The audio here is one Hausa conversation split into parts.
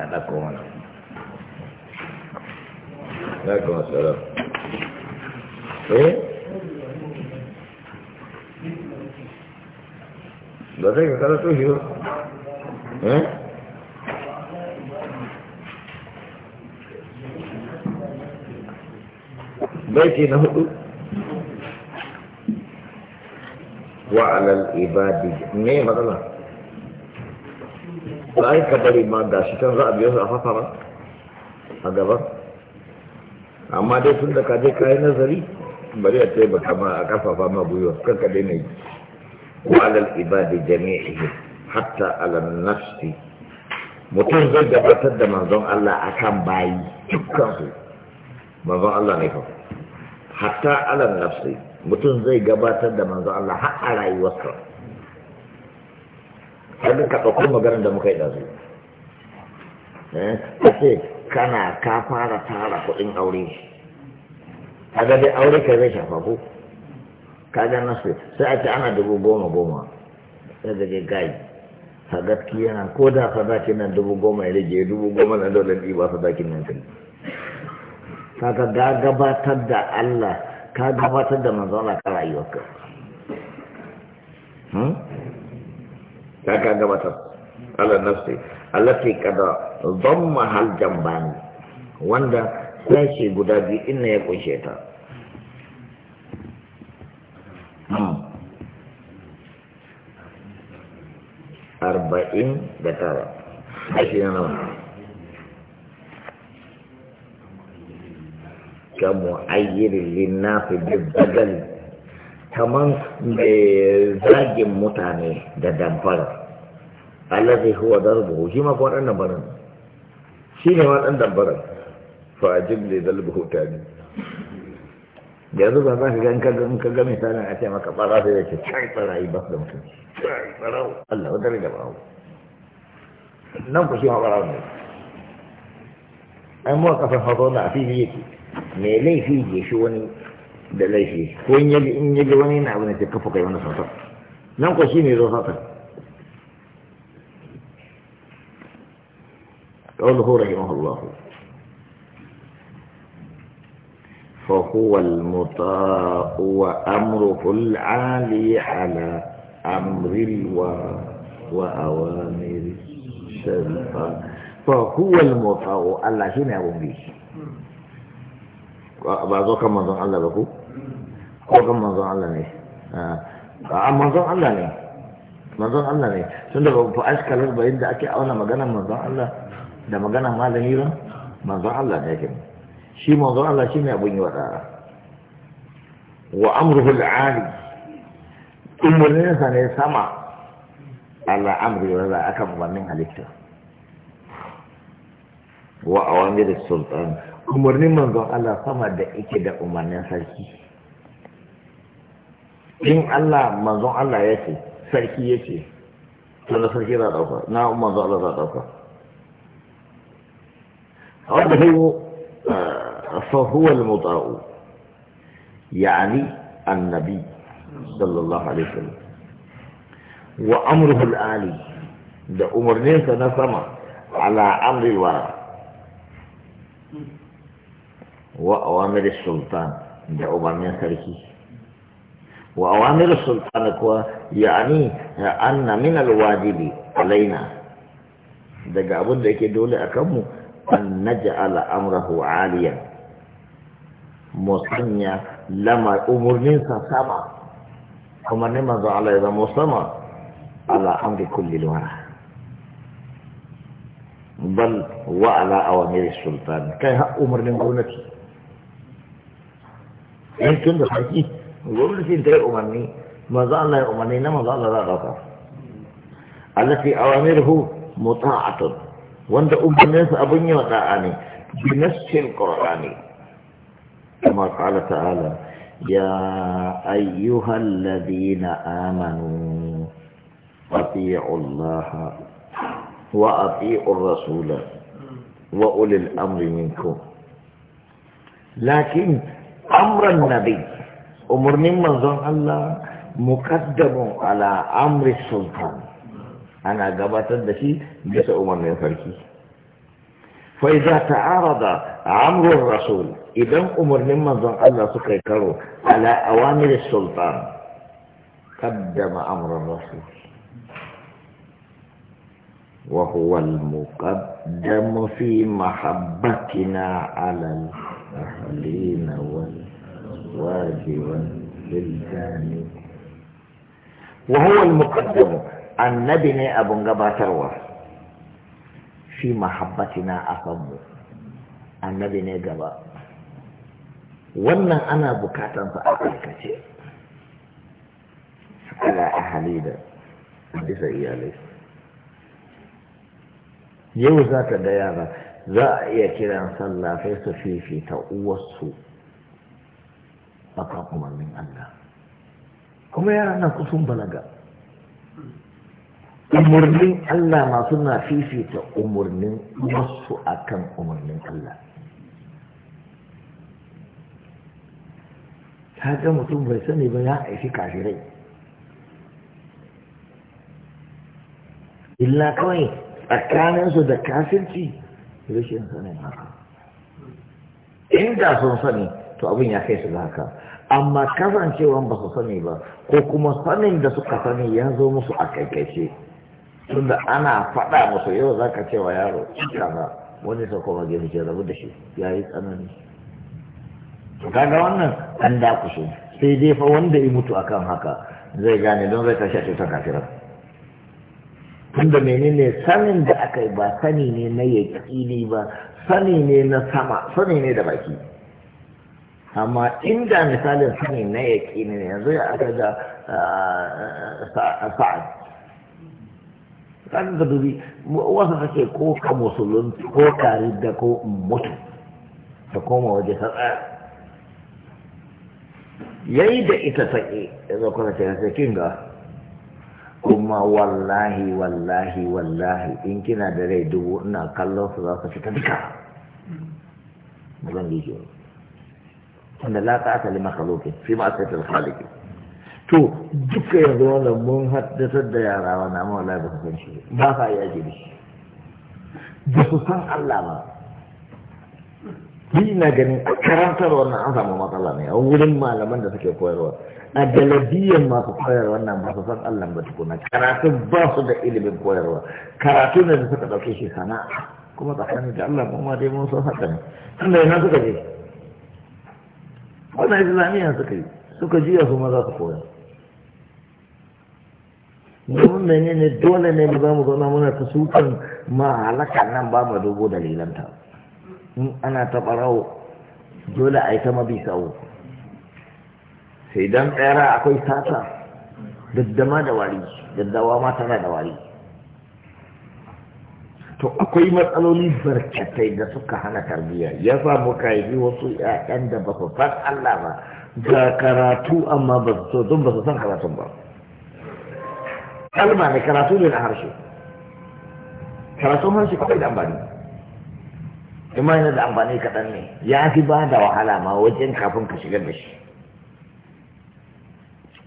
هذا كمان عليكم السلام ايه ba zai kasa tushe ba baiti na hudu wa alal ibadi ne to ai ka bari ma ga shi can za a biyo su a fasara a gaba amma dai tun da ka je kayi nazari bari a ce baka ma a kafafa ma gwiwa kan ka daina yi wa alal ibadi jami'i hatta alal nafsi mutum zai gabatar da manzon Allah kan bayi dukkan dukkansu manzon Allah ne fa hatta alal nafsi mutum zai gabatar da manzon Allah har a rayuwarsa kada ka ɗauko maganar da muka yi ɗazu eh, a ce kana ka fara tara kuɗin aure a ga dai aure kai zai shafa ku kaga na su sai a ce ana dubu goma goma sai da gai a gaskiya na ko da sadakin nan dubu goma ya rage dubu goma na dole ɗi ba sadakin nan kai ka ga gabatar da Allah ka gabatar da manzon Allah ka rayuwarka ta ga mata ala nafsi allati kada dhamma hal jambani wanda sashi guda bi inna ya kunshe ta hmm. arba'in da tara ashirin na nawa كمعير للناس بالبدل kamar zagin mutane da دمفر allazi huwa darbuhu shi ma kuma dan dambaran shi ne ma dan dambaran fa ajib li dalbuhu tani yanzu ba za ka ga in ka in ka ga misalin a ce maka bara sai yake kai barayi ba da mutum kai barau Allah wadare da bawo nan ku shi ma barau ne ai mu kafin hazo da fili yake me laifi ya shi wani da laifi ko in yaji in yaji wani na abu ne sai kafa kai wani sautar nan ku shi ne zo sautar قوله رحمه الله فهو المطاع وأمره العالي على أمر الوا وأوامر السلطان فهو المطاع الله شين هنا به بعضه كما ظن الله بكو كما ظن الله نه آه. أما آه، ظن الله نه manzon Allah الله tun شنو ba a shi kalar bayan da ما auna maganar manzon da maganan malami ba manzon Allah ne yake shi manzon Allah shi ne abun yi wa da'a wa amruhu al'ali umarnin sa ne sama Allah amri wa za aka umarnin halitta wa awamir sultan umarnin manzon Allah sama da yake da umarnin sarki in Allah manzon Allah ya ce sarki ya ce to na sarki za a dauka na manzon Allah za a dauka هو آه، فهو المضاء يعني النبي صلى الله عليه وسلم وأمره الآلي ده أمر نيسا نسمى على أمر الورى وأوامر السلطان ده أمر نيسا وأوامر السلطان كوا يعني أن من الواجب علينا ده قابل ده كدولة أكمو an naj'ala amrahu aliyan musanya lama umurnin sa sama kuma ne manzo Allah ya zama sama ala amri kulli wara bal wa ala awamir sultan kai ha umurnin gwamnati in tun da sarki gwamnati ta yi umarni manzo Allah ya umarni na manzo Allah za a dauka allati awamiruhu muta'atun wanda umarninsa abin yi wa da'a ne binassin ƙorani kama ƙala ta'ala ya ayyuhal ladina amanu ati'u allaha wa ati'u rasula wa ulil amri minkum lakin amran nabi umarnin manzon Allah muqaddamun ala amri sultani ana gabatar da shi bisa umarnin sarki فإذا تعارض عمر الرسول إذا أمر مما ظن الله سكيكره على أوامر السلطان قدم أمر الرسول وهو المقدم في محبتنا على الأهلين والأزواج والبلدان وهو المقدم annabi ne abin gabatarwa fi mahabbatina a kanmu annabi ne gaba wannan ana sa a aikace ala ahali da bisa iyalai yau za ta ga yara za a iya kiran sallah sai su fifita uwarsu a kan Allah kuma yara na kusun balaga umarnin Allah masu na fifita umarnin wasu akan umarnin Allah ta ga mutum bai sani ba ya aiki kafirai illa kawai tsakaninsu da kafirci rashin sanin haka inda sun sani to abin ya kai su da haka amma kasancewan ba su sani ba ko kuma sanin da suka sani ya zo musu a kaikaice tunda ana faɗa musu yau za ka cewa yaro kaza wani sa kuma gefe ke rabu da shi ya yi tsanani kaga wannan an dakushe sai dai fa wanda ya mutu akan haka zai gane don zai tashi a cutar kafirar tunda menene sanin da aka yi ba sani ne na yaƙini ba sani ne na sama sani ne da baki amma inda misalin sani na yaƙini ne yanzu ya aka da ah, sa'ad kan da dubi wasu suke ko ka musulun ko ka ridda ko mutu ta koma waje ta tsaya yayi da ita sake ya zo kuma ce sai kin ga kuma wallahi wallahi wallahi in kina da rai dubu ina kallon su za su ta duka ba zan yi jiyo wanda la ta'ata li makhluqin fi ma'siyatil khaliqin to duka ya zo da mun haddasar da yara wa amma wallahi ba su san shi ba sa iya shi ba su san Allah ba ni na ganin a karantar wannan an samu matsala ne a wurin malaman da suke koyarwa a galabiyan masu koyar wannan ba su san Allah ba tukuna karatu ba su da ilimin koyarwa karatu ne da suka ɗauke shi sana'a kuma tsakanin da Allah kuma dai mun san haka ne tunda yana suka je wannan islamiyya suka yi suka jiya su maza su koyar domin ne dole ne ba mu zauna muna ta sukan ma halaka nan ba mu dubo dalilanta in ana ta barawo dole a yi ta mabi sau sai dan tsara akwai sata daddama da wari daddawa ma tana da wari to akwai matsaloli barkatai da suka hana tarbiyya ya sa muka yi wasu ƴaƴan da ba su san Allah ba ga karatu amma ba su so don ba su san karatun ba kalma ne karatu ne na harshe karatun harshe kawai da amfani kuma yana da amfani kaɗan ne ya fi ba da wahala ma wajen kafin ka shigar da shi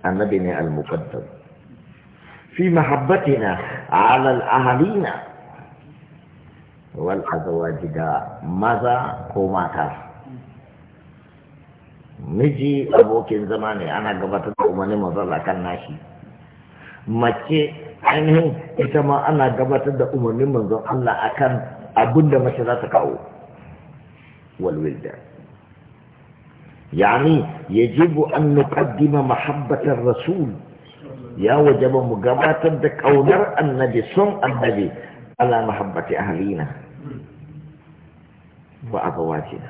annabi ne al-muqaddam fi mahabbatina ala al-ahlina wal azwaji da maza ko mata miji abokin zama ne ana gabatar da umarnin mazalla kan nashi mace ainihin ita ma ana gabatar da umarnin manzon Allah akan abin da mace za ta kawo ya yani yajibu an nuqaddima mahabbatar rasul ya wajaba mu gabatar da kaunar annabi sun annabi ala mahabbati ahlina wa abawatina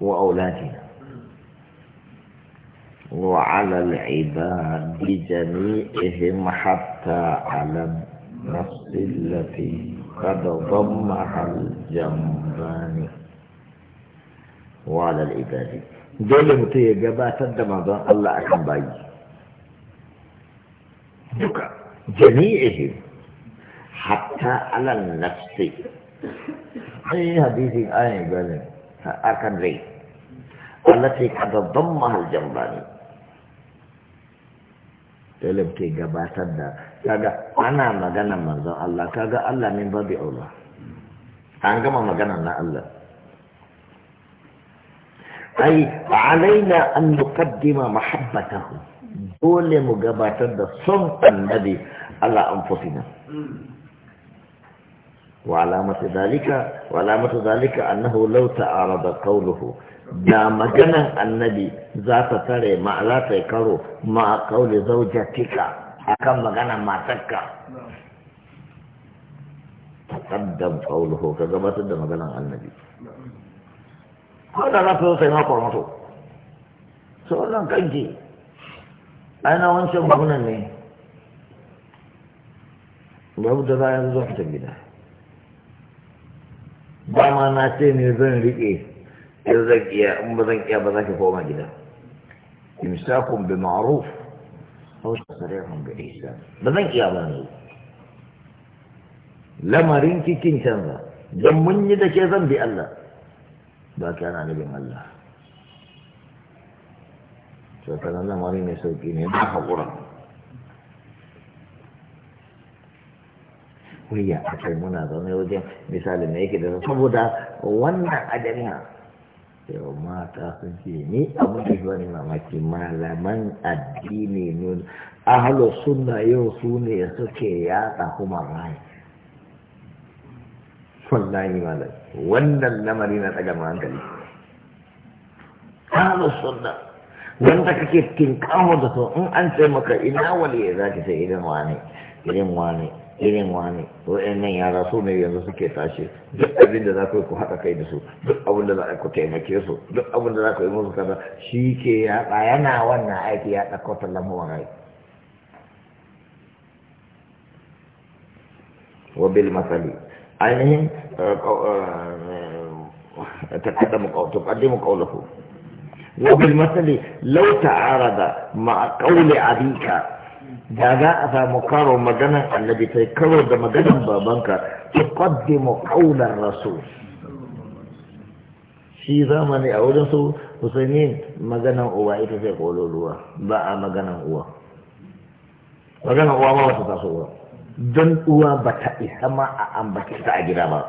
wa auladina وعلى العباد جميعهم حتى على النفس التي قد ضمها الجنبان وعلى العباد جل متي جبا تدم الله أكم باي دكا جميعهم حتى على النفس أي حديث آية قال أكن ري التي قد ضمها الجنباني ilim ke gabatar da kaga ana magana manzon Allah kaga Allah min babi Allah an gama magana na Allah ai alaina an nuqaddima mahabbatahu dole mu gabatar da son annabi ala anfusina وعلامة ذلك وعلامة ذلك أنه لو تعارض قوله da maganan annabi za ta tare ma za ta yi karo ma a kaule zaujatika kan maganan kaddan taqaddam ko ka gabatar da maganan annabi ko da za su sai ma mato so wannan kanki ana wancan babunan ne babu da za a yanzu zuwa fitar gida dama na ce ne zan riƙe يرزق يا أمبذن يا بذنك فوما جدا إمساكم بمعروف هو صريحهم بإحسان بذنك يا بذنك لما رينك كن كنظا جمني دا كيزا بألا باكان عني بمالا فكان الله مريم يسوكين يدعى حقورا ويا أكل منا ظنوا جم مثال ما يكيد فبدا وانا أدريها yau mata sun ce ni abin da shi wani mamaki malaman addini nun ahalo sunna yau su ne suke yatsa kuma rai wallahi malam wannan lamari na daga hankali ahalo sunna wanda kake tinkaho da to in an ce maka ina waliye za ki sai irin wane irin wane irin wane wa'annan yara su ne yanzu suke tashi duk abin da za ku ku haɗa kai da su duk abin da za ku taimake su duk abin da za ku yi musu kaza shi ke yaɗa yana wannan aiki ya ɗauko tallamuwan rai wa bil masali ainihin تقدم تقدم قوله وبالمثل wa bil masali قول أبيك da za a samu karo maganan annabi sai karo da maganan babanka تقدم قول الرسول shi zamani a wurin su musulmi maganan uwa ita ce kololuwa ba a maganan uwa maganan uwa ma ba taso ba don uwa ba ta isa ma a ambace ta a gida ba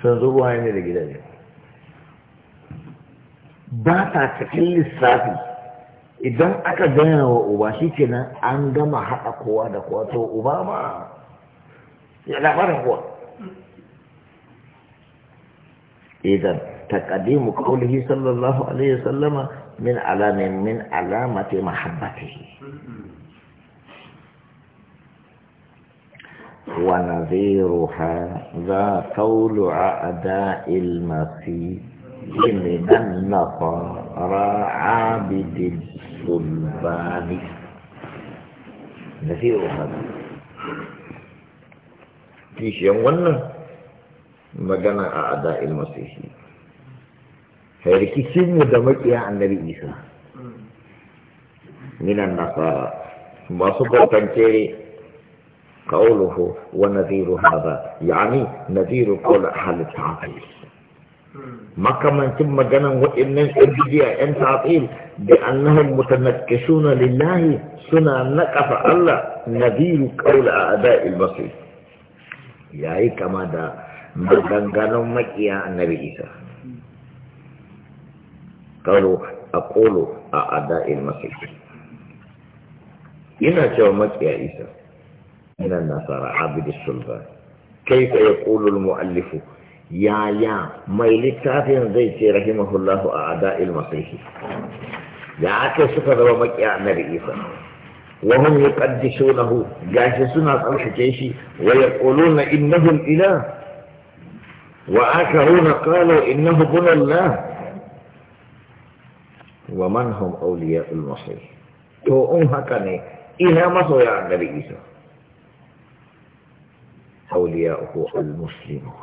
sun zo uwa ne da gida ne ba ta cikin lissafi idan aka gana wa uba shi kenan an gama haɗa kowa da kowa to uba ma يعني الاعتبار هو اذا تقديم قوله صلى الله عليه وسلم من علام من علامة محبته ونذير هذا قول عداء المسيح من النصارى عابد الصلبان نذير هذا kishiyan wannan magana a ada'il masihi rikicin mu da makiya annabi إيسا من النصارى ما صدر تنكيري قوله ونذير هذا يعني نذير قول أهل التعطيل ما كمان ثم جنا وإن البديع أن تعطيل بأنهم متنكسون لله سنة نكف الله نذير قول أعداء المصير yayi kama da maganganun makiya annabi isa kawo a kolo a ada'in masarki yana cewa makiya isa ina nasara abidus sulba kai ka ya kolul mu'allifu yaya mai littafin zai ce rahimahullahu a ada'il masarki ya ake suka zama makiya annabi isa وهم يقدسونه جاسسنا صلحكيشي ويقولون إنه الإله وآخرون قالوا إنه ابن الله ومن هم أولياء المصير تو أم هكذا إلى مصر يا النبي إيسى أولياؤه المسلمون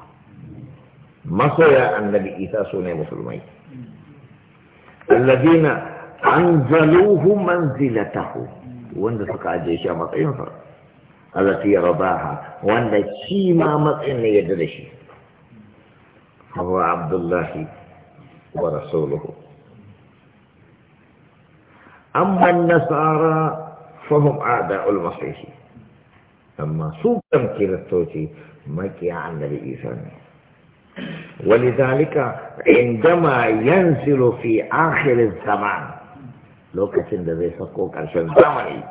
مصر يا النبي إيسى سنة مسلمين الذين أنزلوه منزلته wanda suka ajiye shi a matsayinsa allati rabaha wanda shi ma matsayin ne yadda da shi abu abdullahi wa rasuluhu amma an-nasara fahum a'da'ul masih amma su kan kiristoci makiya annabi isa ne ولذلك عندما ينزل في آخر الزمان لوك عشان ده بيسقوك عشان تعمل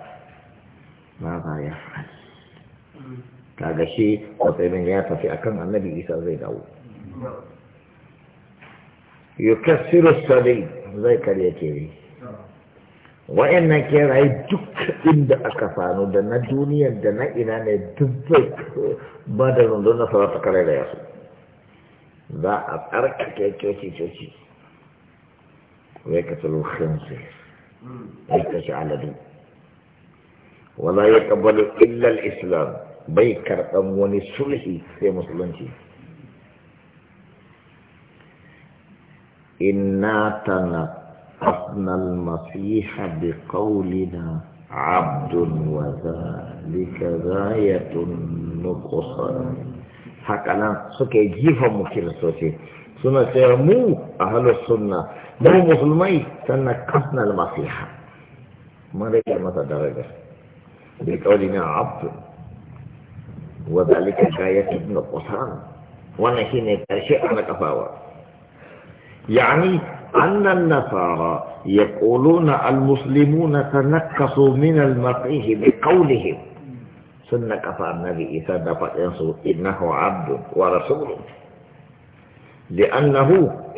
ما بقى يفعل كاجا شي وفي من يا في أكن النبي عيسى زي ده يكسر السبيل زي كاليكيري وإن كان عيدك إن ده أكفانو ده نجوني ده نجنان دبك بدل من دون صلاة كاليلا يسو ذا أبقى ركي كي كي كي كي ويكتلو الخنزير bai aladu wala ya kabbalu illal islam bai karɓan wani sulhi sai musulunci inna na asnal masiha bi qawlina abdun wa zalika ghayatun nuqsan haka nan suke jifa mu kiristoci ثم سيرمو أهل السنة مو مسلمي كان المسيح ما رجع متى درجة بقولنا عبد وذلك غاية ابن قصان ونحن نتشيء يعني أن النصارى يقولون المسلمون تنكسوا من المسيح بقولهم سنة كفى النبي إذا دفع إنه عبد ورسوله لأنه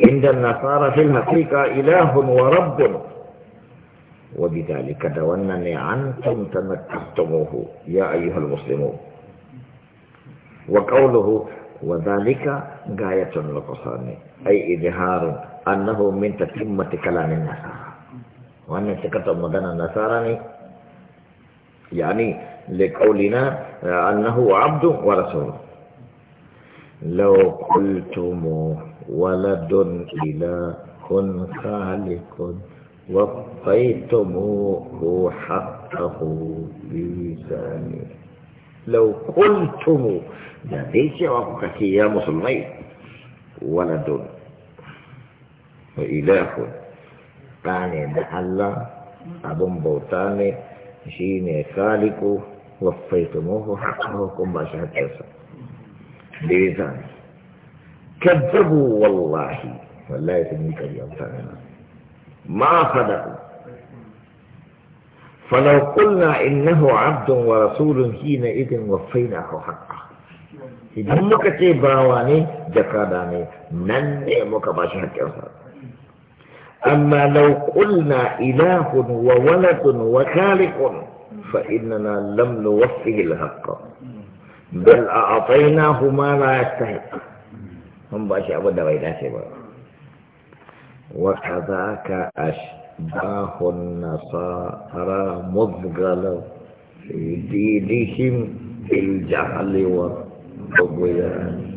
عند النصارى في الحقيقة إله ورب وبذلك دونني عنكم تمتعتموه يا أيها المسلمون وقوله وذلك غاية النقصان أي إظهار أنه من تتمة كلام النصارى وأن سكت مدن النصارى يعني لقولنا أنه عبد ورسول لو قلتم ولد إلى كن خالق وقيتم حقه بيزاني لو قلتم لديك وقتك يا مسلمين ولد وإله تاني دعلا أبن بوتاني شيني خالق وفيتموه حقه كم بشهد جسد لذا كذبوا والله فلا يتمنك بأمثالنا ما صدقوا فلو قلنا إنه عبد ورسول حينئذ وفيناه حقه هدمك تبراواني جكاداني ننعمك باش حق أما لو قلنا إله وولد وخالق فإننا لم نوفه الحق بل أعطيناه ما لا يستحق هم باشي أبو بيدا سيبا وكذاك أشباه النصارى مضغل في دينهم بالجهل والطغيان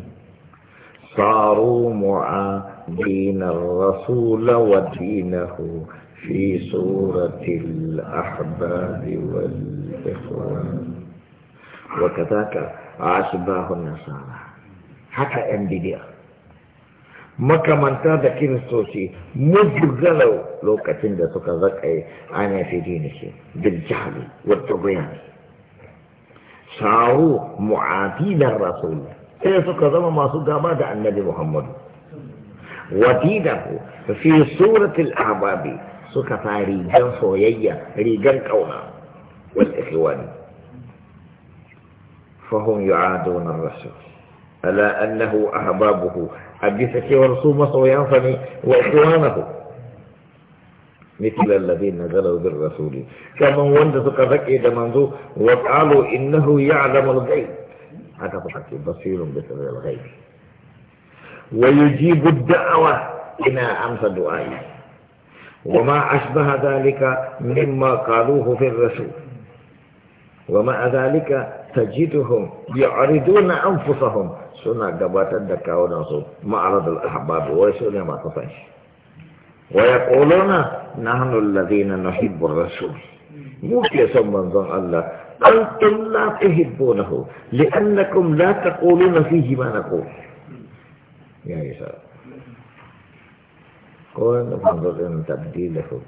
صاروا معادين الرسول ودينه في صورة الأحباب والإخوان وكذاك nasara haka حتى bidiya makamanta da kiristoci mujugalau lokacin da suka zaƙaye ana fi dini shi bil jahli wa bayani sa'u mu'adilan rasul sai suka zama masu gaba da annabi muhammadu wadidahu fi suratul ahbabi suka fa rigan soyayya rigan kauna wal ikhwani فهم يعادون الرسول ألا أنه أحبابه حديثك ورسول مصر وينفني وإخوانه مثل الذين نزلوا بالرسول كما وند تقفك دمانزو وقالوا إنه يعلم الغيب هذا فقط بصير بسر الغيب ويجيب الدعوة إلى أمس دعائي وما أشبه ذلك مما قالوه في الرسول ومع ذلك تجدهم يعرضون أنفسهم سنة قبات الدكاو نصب معرض الأحباب ويسون ما تفعش ويقولون نحن الذين نحب الرسول موكي سمن ظن الله أنتم لا تحبونه لأنكم لا تقولون فيه ما نقول يا إسحاق قولنا فانظر إن تبديلهم